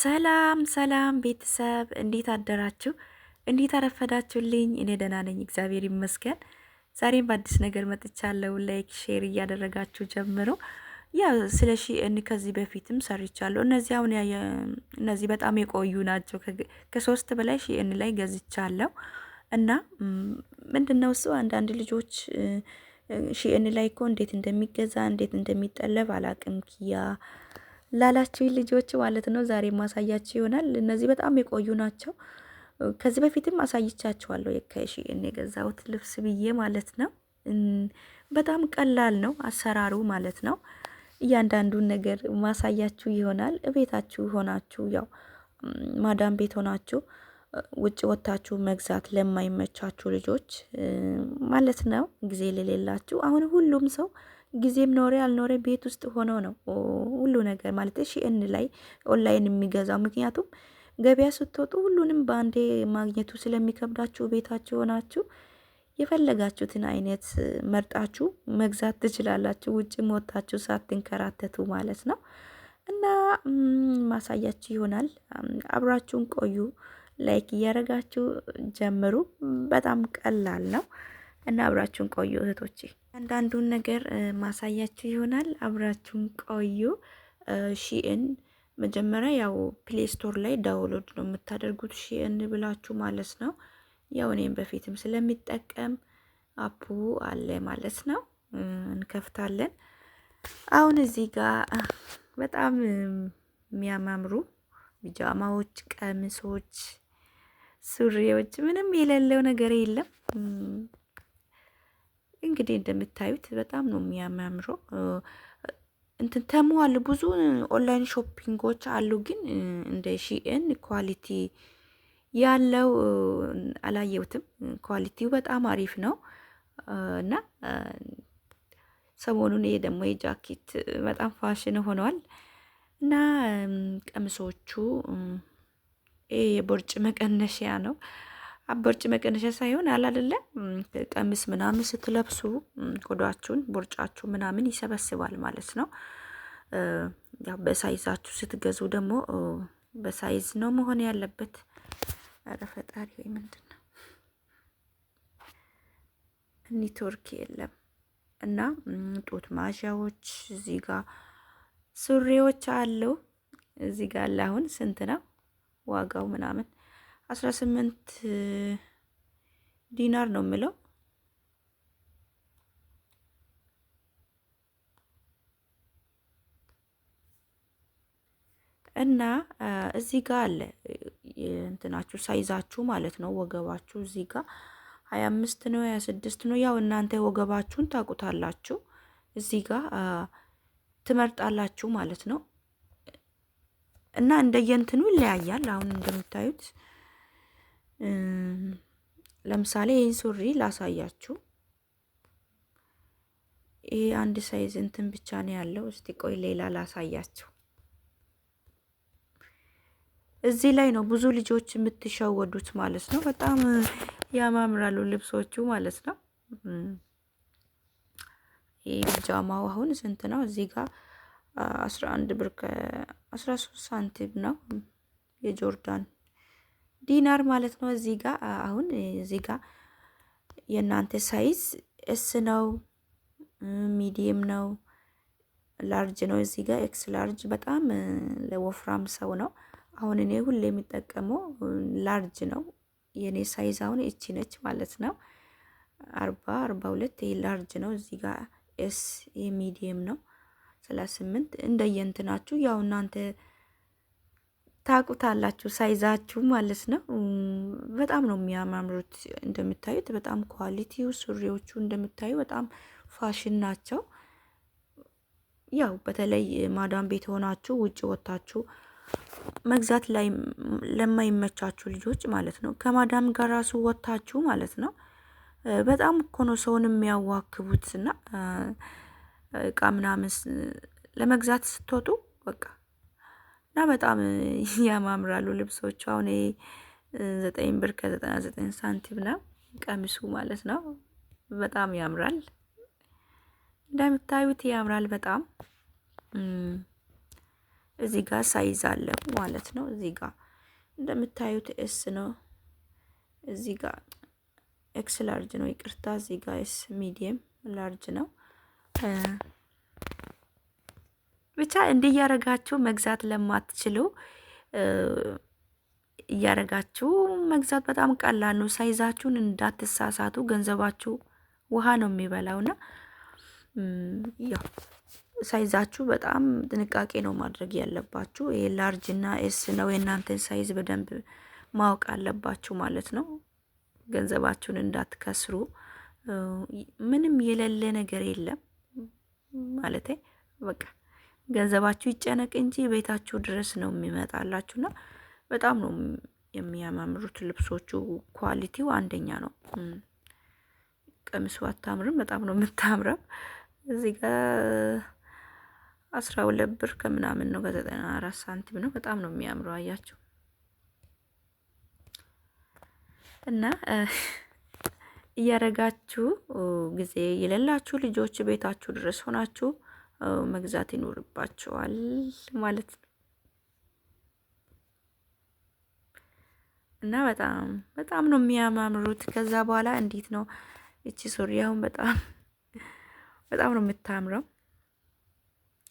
ሰላም ሰላም ቤተሰብ እንዴት አደራችሁ? እንዴት አረፈዳችሁልኝ? እኔ ደህና ነኝ፣ እግዚአብሔር ይመስገን። ዛሬም በአዲስ ነገር መጥቻለሁ። ላይክ ሼር እያደረጋችሁ ጀምሮ ያ ስለ እን ከዚህ በፊትም ሰርቻለሁ። እነዚህ አሁን እነዚህ በጣም የቆዩ ናቸው። ከሶስት በላይ እን ላይ ገዝቻለሁ እና ምንድን ነው እሱ አንዳንድ ልጆች ሺኤን ላይ እኮ እንዴት እንደሚገዛ እንዴት እንደሚጠለብ አላቅም ኪያ ላላችሁ ልጆች ማለት ነው ዛሬ ማሳያችሁ ይሆናል። እነዚህ በጣም የቆዩ ናቸው። ከዚህ በፊትም አሳይቻችኋለሁ የከሺን የገዛሁት ልብስ ብዬ ማለት ነው። በጣም ቀላል ነው አሰራሩ ማለት ነው። እያንዳንዱን ነገር ማሳያችሁ ይሆናል። ቤታችሁ ሆናችሁ ያው ማዳም ቤት ሆናችሁ ውጭ ወጥታችሁ መግዛት ለማይመቻችሁ ልጆች ማለት ነው፣ ጊዜ ለሌላችሁ አሁን ሁሉም ሰው ጊዜም ኖረ አልኖረ ቤት ውስጥ ሆኖ ነው ሁሉ ነገር ማለት ሺእን ላይ ኦንላይን የሚገዛው። ምክንያቱም ገበያ ስትወጡ ሁሉንም በአንዴ ማግኘቱ ስለሚከብዳችሁ ቤታችሁ ሆናችሁ የፈለጋችሁትን አይነት መርጣችሁ መግዛት ትችላላችሁ። ውጭ ወጥታችሁ ሳትንከራተቱ ማለት ነው። እና ማሳያችሁ ይሆናል። አብራችሁን ቆዩ። ላይክ እያደረጋችሁ ጀምሩ። በጣም ቀላል ነው እና አብራችሁን ቆዩ እህቶቼ። አንዳንዱን ነገር ማሳያችሁ ይሆናል። አብራችሁን ቆዩ። ሺእን መጀመሪያ ያው ፕሌይ ስቶር ላይ ዳውንሎድ ነው የምታደርጉት ሺእን ብላችሁ ማለት ነው። ያው እኔም በፊትም ስለሚጠቀም አፑ አለ ማለት ነው። እንከፍታለን። አሁን እዚህ ጋር በጣም የሚያማምሩ ቢጃማዎች፣ ቀሚሶች፣ ሱሪዎች ምንም የሌለው ነገር የለም። እንግዲህ እንደምታዩት በጣም ነው የሚያማምረው። እንትን ተሟል ብዙ ኦንላይን ሾፒንጎች አሉ፣ ግን እንደ ሺኤን ኳሊቲ ያለው አላየሁትም። ኳሊቲው በጣም አሪፍ ነው እና ሰሞኑን ይሄ ደግሞ የጃኬት በጣም ፋሽን ሆኗል እና ቀሚሶቹ ይሄ የቦርጭ መቀነሻ ነው። አበርጭ መቀነሻ ሳይሆን አላደለ ቀሚስ ምናምን ስትለብሱ ቆዳችሁን ቦርጫችሁ ምናምን ይሰበስባል ማለት ነው። ያው በሳይዛችሁ ስትገዙ ደግሞ በሳይዝ ነው መሆን ያለበት። ኧረ ፈጣሪ ወይ ምንድን ነው ኔትወርክ የለም እና ጡት ማሻዎች እዚህ ጋር ሱሪዎች አሉ። እዚህ ጋር አሁን ስንት ነው ዋጋው ምናምን አስራ ስምንት ዲናር ነው የምለው እና እዚህ ጋር አለ እንትናችሁ ሳይዛችሁ ማለት ነው። ወገባችሁ እዚህ ጋር ሀያ አምስት ነው ሀያ ስድስት ነው። ያው እናንተ ወገባችሁን ታውቁታላችሁ። እዚህ ጋር ትመርጣላችሁ ማለት ነው። እና እንደየንትኑ ይለያያል። አሁን እንደምታዩት ለምሳሌ ይህን ሱሪ ላሳያችሁ። ይህ አንድ ሳይዝ እንትን ብቻ ነው ያለው። እስቲ ቆይ ሌላ ላሳያችሁ። እዚህ ላይ ነው ብዙ ልጆች የምትሸወዱት ማለት ነው። በጣም ያማምራሉ ልብሶቹ ማለት ነው። ይህ ጃማው አሁን ስንት ነው? እዚህ ጋር አስራ አንድ ብር ከአስራ ሶስት ሳንቲም ነው የጆርዳን ዲናር ማለት ነው። እዚህ ጋ አሁን እዚህ ጋ የእናንተ ሳይዝ ኤስ ነው፣ ሚዲየም ነው፣ ላርጅ ነው። እዚህ ጋር ኤክስ ላርጅ በጣም ለወፍራም ሰው ነው። አሁን እኔ ሁሌ የሚጠቀመው ላርጅ ነው። የእኔ ሳይዝ አሁን እቺ ነች ማለት ነው። አርባ አርባ ሁለት ይሄ ላርጅ ነው። እዚህ ጋር ኤስ የሚዲየም ነው። ሰላሳ ስምንት እንደየንትናችሁ ያው እናንተ ታቁታላችሁ ሳይዛችሁ ማለት ነው። በጣም ነው የሚያማምሩት እንደምታዩት፣ በጣም ኳሊቲው ሱሪዎቹ እንደምታዩ በጣም ፋሽን ናቸው። ያው በተለይ ማዳም ቤት ሆናችሁ ውጭ ወጥታችሁ መግዛት ላይ ለማይመቻችሁ ልጆች ማለት ነው። ከማዳም ጋር ራሱ ወጥታችሁ ማለት ነው። በጣም እኮ ነው ሰውን የሚያዋክቡት እና እቃ ምናምን ለመግዛት ስትወጡ በቃ እና በጣም ያማምራሉ ልብሶቹ። አሁን ይሄ ዘጠኝ ብር ከዘጠና ዘጠኝ ሳንቲም ነው ቀሚሱ ማለት ነው። በጣም ያምራል እንደምታዩት ያምራል በጣም እዚህ ጋር ሳይዝ አለ ማለት ነው። እዚህ ጋር እንደምታዩት ኤስ ነው። እዚህ ጋር ኤክስ ላርጅ ነው ይቅርታ። እዚህ ጋር ኤስ ሚዲየም ላርጅ ነው። ብቻ እንዲህ እያረጋችሁ መግዛት ለማትችሉ እያረጋችሁ መግዛት በጣም ቀላል ነው። ሳይዛችሁን እንዳትሳሳቱ። ገንዘባችሁ ውሃ ነው የሚበላውና ያው ሳይዛችሁ በጣም ጥንቃቄ ነው ማድረግ ያለባችሁ። ይሄ ላርጅ እና ኤስ ነው። የእናንተን ሳይዝ በደንብ ማወቅ አለባችሁ ማለት ነው። ገንዘባችሁን እንዳትከስሩ። ምንም የሌለ ነገር የለም ማለት በቃ ገንዘባችሁ ይጨነቅ እንጂ ቤታችሁ ድረስ ነው የሚመጣላችሁ እና በጣም ነው የሚያማምሩት ልብሶቹ። ኳሊቲው አንደኛ ነው። ቀሚሱ አታምርም፣ በጣም ነው የምታምረው። እዚህ ጋር አስራ ሁለት ብር ከምናምን ነው ከዘጠና አራት ሳንቲም ነው። በጣም ነው የሚያምረው አያችሁ። እና እያረጋችሁ ጊዜ የሌላችሁ ልጆች ቤታችሁ ድረስ ሆናችሁ መግዛት ይኖርባቸዋል ማለት ነው። እና በጣም በጣም ነው የሚያማምሩት። ከዛ በኋላ እንዴት ነው እቺ ሱሪ አሁን በጣም በጣም ነው የምታምረው።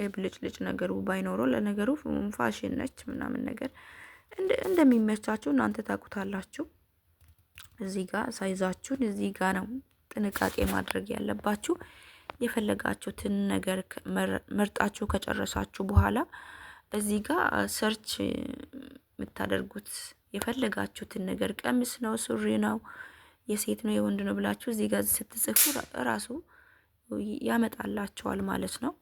የብልጭልጭ ነገሩ ባይኖረው ለነገሩ ፋሽን ነች ምናምን ነገር እንደሚመቻችሁ እናንተ ታውቁታላችሁ። እዚህ ጋር ሳይዛችሁን እዚህ ጋር ነው ጥንቃቄ ማድረግ ያለባችሁ። የፈለጋችሁትን ነገር መርጣችሁ ከጨረሳችሁ በኋላ እዚህ ጋር ሰርች የምታደርጉት የፈለጋችሁትን ነገር ቀሚስ ነው፣ ሱሪ ነው፣ የሴት ነው፣ የወንድ ነው ብላችሁ እዚህ ጋር ስትጽፉ ራሱ ያመጣላቸዋል ማለት ነው።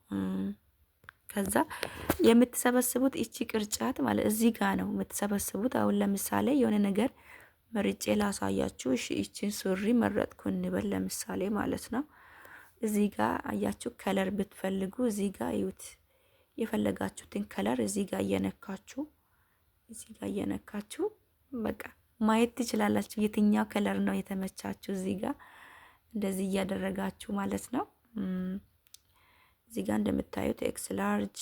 ከዛ የምትሰበስቡት እቺ ቅርጫት ማለት እዚህ ጋር ነው የምትሰበስቡት። አሁን ለምሳሌ የሆነ ነገር መርጬ ላሳያችሁ። እቺን ሱሪ መረጥኩ እንበል ለምሳሌ ማለት ነው። እዚህ ጋር አያችሁ ከለር ብትፈልጉ እዚህ ጋር እዩት። የፈለጋችሁትን ከለር እዚህ ጋር እየነካችሁ እዚህ ጋር እየነካችሁ በቃ ማየት ትችላላችሁ፣ የትኛው ከለር ነው የተመቻችሁ። እዚህ ጋር እንደዚህ እያደረጋችሁ ማለት ነው። እዚህ ጋር እንደምታዩት ኤክስ ላርጅ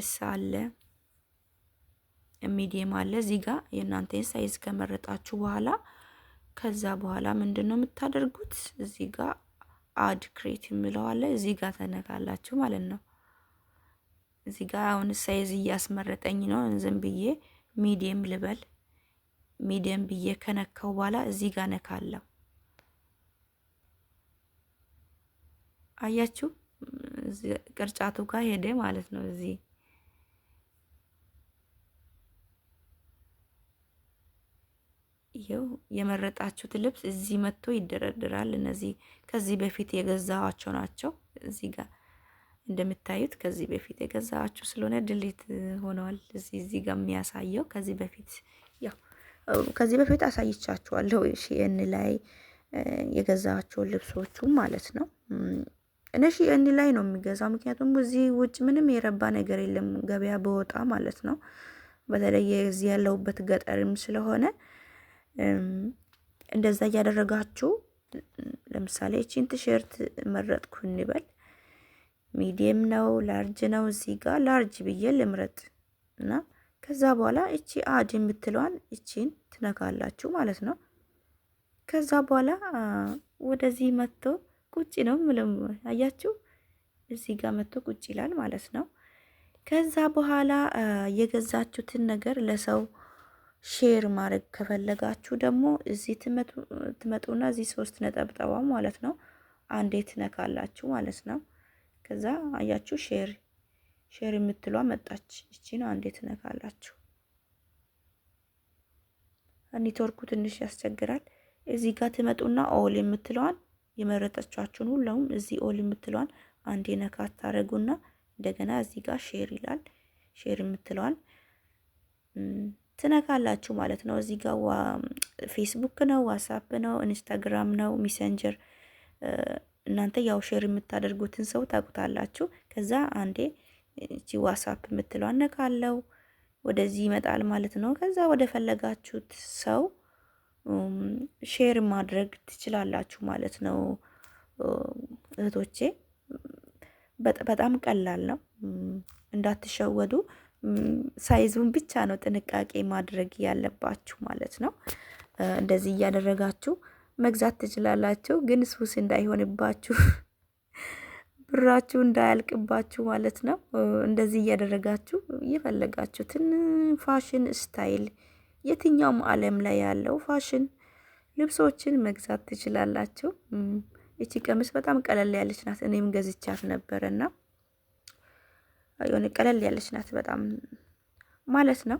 እስ አለ ሚዲየም አለ። እዚህ ጋር የእናንተን ሳይዝ ከመረጣችሁ በኋላ ከዛ በኋላ ምንድን ነው የምታደርጉት እዚህ ጋር አድ ክሬት የምለዋለ እዚህ ጋር ተነካላችሁ ማለት ነው። እዚህ ጋር አሁን ሳይዝ እያስመረጠኝ ነው። ዝም ብዬ ሚዲየም ልበል። ሚዲየም ብዬ ከነካው በኋላ እዚህ ጋር ነካለሁ። አያችሁ ቅርጫቱ ጋር ሄደ ማለት ነው እዚህ ይኸው የመረጣችሁት ልብስ እዚህ መጥቶ ይደረድራል። እነዚህ ከዚህ በፊት የገዛኋቸው ናቸው። እዚህ ጋር እንደምታዩት ከዚህ በፊት የገዛኋቸው ስለሆነ ድሌት ሆነዋል። እዚህ እዚህ ጋር የሚያሳየው ከዚህ በፊት ያው ከዚህ በፊት አሳይቻችኋለሁ። ሺኤን ላይ የገዛኋቸውን ልብሶቹ ማለት ነው። እነ ሺኤን ላይ ነው የሚገዛው፣ ምክንያቱም እዚህ ውጭ ምንም የረባ ነገር የለም ገበያ በወጣ ማለት ነው። በተለይ እዚህ ያለሁበት ገጠርም ስለሆነ እንደዛ እያደረጋችሁ ለምሳሌ እቺን ቲሸርት መረጥኩ እንበል። ሚዲየም ነው ላርጅ ነው፣ እዚህ ጋር ላርጅ ብዬ ልምረጥ እና ከዛ በኋላ እቺ አድ የምትለዋን እቺን ትነካላችሁ ማለት ነው። ከዛ በኋላ ወደዚህ መጥቶ ቁጭ ነው ምልም አያችሁ፣ እዚህ ጋር መጥቶ ቁጭ ይላል ማለት ነው። ከዛ በኋላ የገዛችሁትን ነገር ለሰው ሼር ማድረግ ከፈለጋችሁ ደግሞ እዚህ ትመጡና እዚህ ሶስት ነጠብጠባ ማለት ነው አንዴ ትነካላችሁ ማለት ነው። ከዛ አያችሁ ሼር ሼር የምትሏ መጣች። እቺን አንዴ ትነካላችሁ። ኔትወርኩ ትንሽ ያስቸግራል። እዚህ ጋር ትመጡና ኦል የምትለዋን የመረጠቻችሁን ሁሉም እዚህ ኦል የምትለዋን አንዴ ነካ ታረጉና እንደገና እዚህ ጋር ሼር ይላል። ሼር የምትለዋን ትነካላችሁ ማለት ነው። እዚህ ጋር ፌስቡክ ነው፣ ዋትሳፕ ነው፣ ኢንስታግራም ነው፣ ሜሴንጀር እናንተ ያው ሼር የምታደርጉትን ሰው ታውቁታላችሁ። ከዛ አንዴ እቺ ዋትሳፕ የምትለው አነካለው ወደዚህ ይመጣል ማለት ነው። ከዛ ወደ ፈለጋችሁት ሰው ሼር ማድረግ ትችላላችሁ ማለት ነው እህቶቼ። በጣም ቀላል ነው፣ እንዳትሸወዱ። ሳይዙን ብቻ ነው ጥንቃቄ ማድረግ ያለባችሁ ማለት ነው። እንደዚህ እያደረጋችሁ መግዛት ትችላላችሁ። ግን ሱስ እንዳይሆንባችሁ ብራችሁ እንዳያልቅባችሁ ማለት ነው። እንደዚህ እያደረጋችሁ የፈለጋችሁትን ፋሽን ስታይል፣ የትኛውም ዓለም ላይ ያለው ፋሽን ልብሶችን መግዛት ትችላላችሁ። እቺ ቀሚስ በጣም ቀለል ያለች ናት። እኔም ገዝቻት ነበረና የሆነ ቀለል ያለች ናት በጣም ማለት ነው።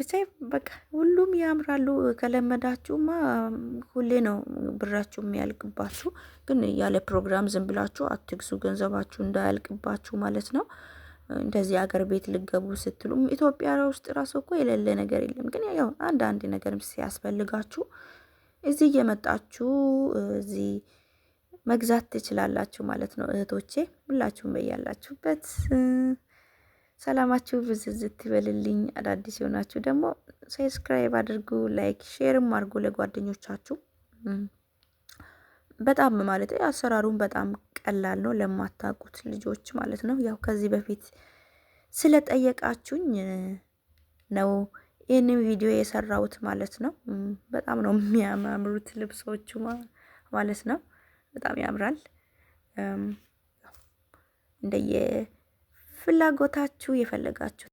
ብቻ በቃ ሁሉም ያምራሉ። ከለመዳችሁማ ሁሌ ነው ብራችሁ የሚያልቅባችሁ። ግን ያለ ፕሮግራም ዝም ብላችሁ አትግዙ፣ ገንዘባችሁ እንዳያልቅባችሁ ማለት ነው። እንደዚህ አገር ቤት ልገቡ ስትሉ ኢትዮጵያ ውስጥ ራሱ እኮ የሌለ ነገር የለም። ግን ያው አንዳንድ ነገር ሲያስፈልጋችሁ እዚህ እየመጣችሁ እዚህ መግዛት ትችላላችሁ ማለት ነው እህቶቼ። ሁላችሁም በያላችሁበት ሰላማችሁ ብዝዝት ይበልልኝ። አዳዲስ የሆናችሁ ደግሞ ሰብስክራይብ አድርጉ፣ ላይክ ሼርም አድርጉ ለጓደኞቻችሁ። በጣም ማለት አሰራሩን በጣም ቀላል ነው ለማታውቁት ልጆች ማለት ነው። ያው ከዚህ በፊት ስለጠየቃችሁኝ ነው ይህንም ቪዲዮ የሰራሁት ማለት ነው። በጣም ነው የሚያማምሩት ልብሶቹ ማለት ነው። በጣም ያምራል። እንደየ ፍላጎታችሁ የፈለጋችሁ